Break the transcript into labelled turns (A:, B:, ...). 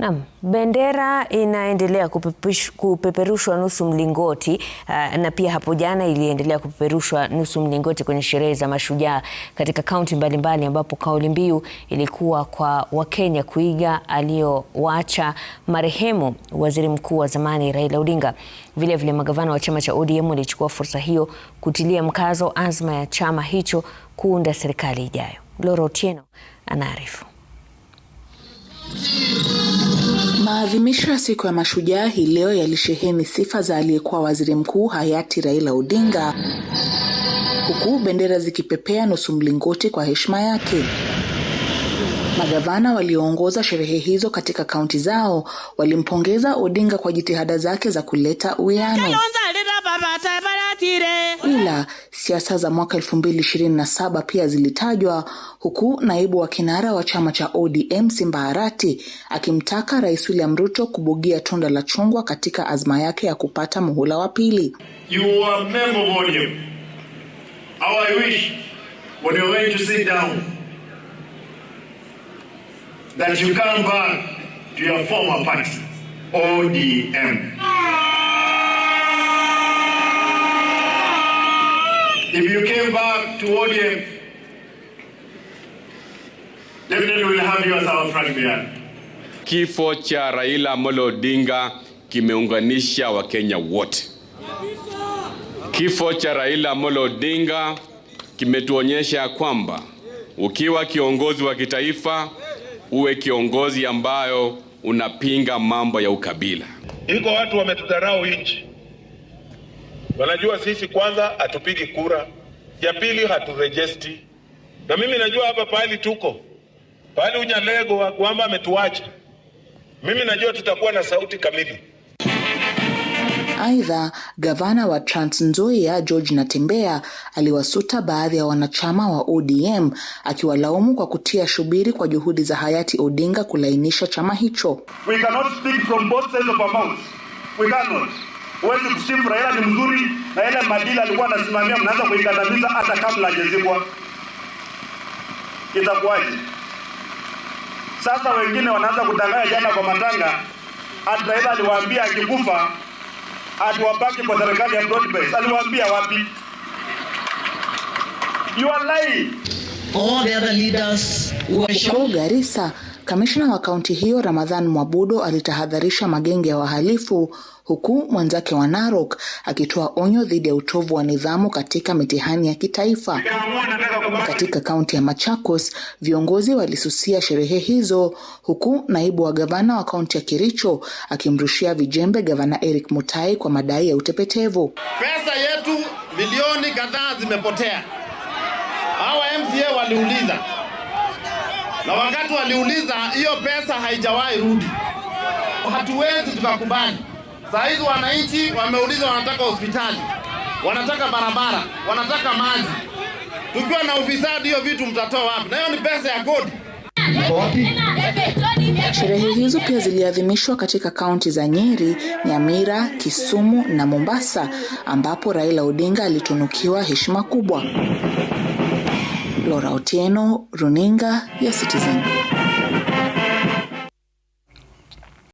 A: Naam, bendera inaendelea kupeperushwa nusu mlingoti uh, na pia hapo jana iliendelea kupeperushwa nusu mlingoti kwenye sherehe za mashujaa katika kaunti mbalimbali, ambapo kauli mbiu ilikuwa kwa Wakenya kuiga aliyowaacha marehemu waziri mkuu wa zamani Raila Odinga. Vile vile magavana wa chama cha ODM walichukua fursa hiyo kutilia mkazo azma ya chama hicho kuunda serikali ijayo. Loro Otieno anaarifu. Maadhimisho ya siku ya mashujaa hii leo yalisheheni sifa za aliyekuwa waziri mkuu hayati Raila Odinga, huku bendera zikipepea nusu mlingoti kwa heshima yake. Magavana walioongoza sherehe hizo katika kaunti zao walimpongeza Odinga kwa jitihada zake za kuleta uwiano. Ila siasa za mwaka 2027 pia zilitajwa huku naibu wa kinara wa chama cha ODM Simba Arati akimtaka Rais William Ruto kubugia tunda la chungwa katika azma yake ya kupata muhula wa pili.
B: You are that you come back to your former party, ODM. If you came back to ODM, definitely we'll have you as our friend bearer.
C: Kifo cha Raila Amolo Odinga kimeunganisha Wakenya wote. Kifo cha Raila Amolo Odinga kimetuonyesha kwamba ukiwa kiongozi wa kitaifa uwe kiongozi ambayo unapinga mambo ya ukabila.
D: Iko watu wametudharau nchi, wanajua sisi kwanza hatupigi kura, ya pili haturejesti. Na mimi najua hapa pahali tuko pahali unyalego kwamba ametuacha, mimi najua tutakuwa na sauti kamili.
A: Aidha, gavana wa Trans Nzoia George Natembeya aliwasuta baadhi ya wanachama wa ODM akiwalaumu kwa kutia shubiri kwa juhudi za hayati Odinga kulainisha chama hicho.
D: We cannot speak from both sides of our mouths. We cannot. Huwezi kusifu Raila ni mzuri na ile madili alikuwa anasimamia, mnaanza kuikandamiza hata kabla hajazikwa, itakuwaje? Sasa wengine wanaanza kutangaya jana kwa matanga, hata Raila aliwaambia akikufa ati wabaki kwa serikali ya broadbase. Aliwaambia wapi? You are lying. All the other
A: leaders were Garissa, kamishna wa kaunti hiyo Ramadhan Mwabudo alitahadharisha magenge ya wahalifu huku mwenzake wa Narok akitoa onyo dhidi ya utovu wa nidhamu katika mitihani ya kitaifa. Katika kaunti ya Machakos, viongozi walisusia sherehe hizo, huku naibu wa gavana wa kaunti ya Kericho akimrushia vijembe gavana Eric Mutai kwa madai ya utepetevu.
E: Pesa yetu milioni kadhaa zimepotea. Hawa MCA waliuliza, na wakati waliuliza hiyo pesa haijawahi rudi. Hatuwezi tukakubali. Saa hizi wananchi wameuliza, wanataka hospitali, wanataka barabara, wanataka maji. Tukiwa na ufisadi, hiyo vitu mtatoa wapi? Na hiyo ni pesa ya kodi.
A: Sherehe hizo pia ziliadhimishwa katika kaunti za Nyeri, Nyamira, Kisumu na Mombasa ambapo Raila Odinga alitunukiwa heshima kubwa. Laura Otieno, Runinga ya Citizen.